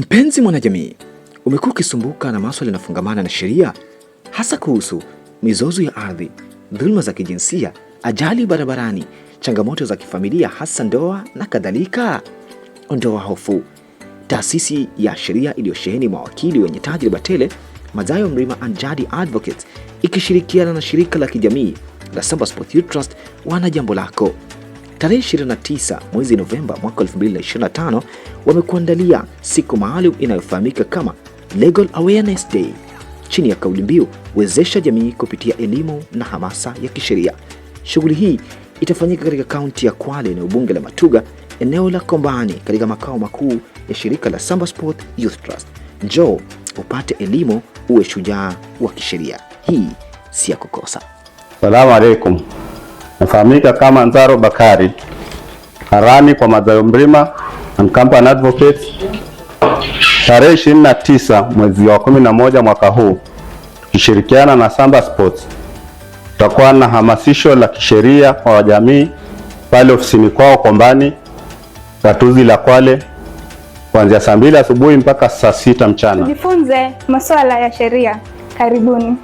Mpenzi mwanajamii, umekuwa ukisumbuka na maswala yanafungamana na sheria, hasa kuhusu mizozo ya ardhi, dhuluma za kijinsia, ajali barabarani, changamoto za kifamilia, hasa ndoa na kadhalika? Ondoa hofu. Taasisi ya sheria iliyosheheni mawakili wenye tajriba tele, Mazayo Mrima and Jadi Advocates, ikishirikiana na shirika la kijamii la Samba Youth Trust, wana jambo lako. Tarehe 29 mwezi Novemba mwaka 2025 wamekuandalia siku maalum inayofahamika kama Legal Awareness Day chini ya kauli mbiu wezesha jamii kupitia elimu na hamasa ya kisheria. Shughuli hii itafanyika katika kaunti ya Kwale, eneo bunge la Matuga, eneo la Kombani, katika makao makuu ya shirika la Samba Sport Youth Trust. Njoo upate elimu, uwe shujaa wa kisheria. Hii si ya kukosa. Salamu alaikum. Nafahamika kama Nzaro Bakari Harani kwa Mazayo Mrima and Company Advocate. Tarehe 29 mwezi wa 11 mwaka huu, tukishirikiana na Samba Sports, tutakuwa na hamasisho la kisheria kwa wajamii pale ofisini kwao Kombani, gatuzi la Kwale kuanzia saa mbili asubuhi mpaka saa sita mchana. Tujifunze masuala ya sheria. Karibuni.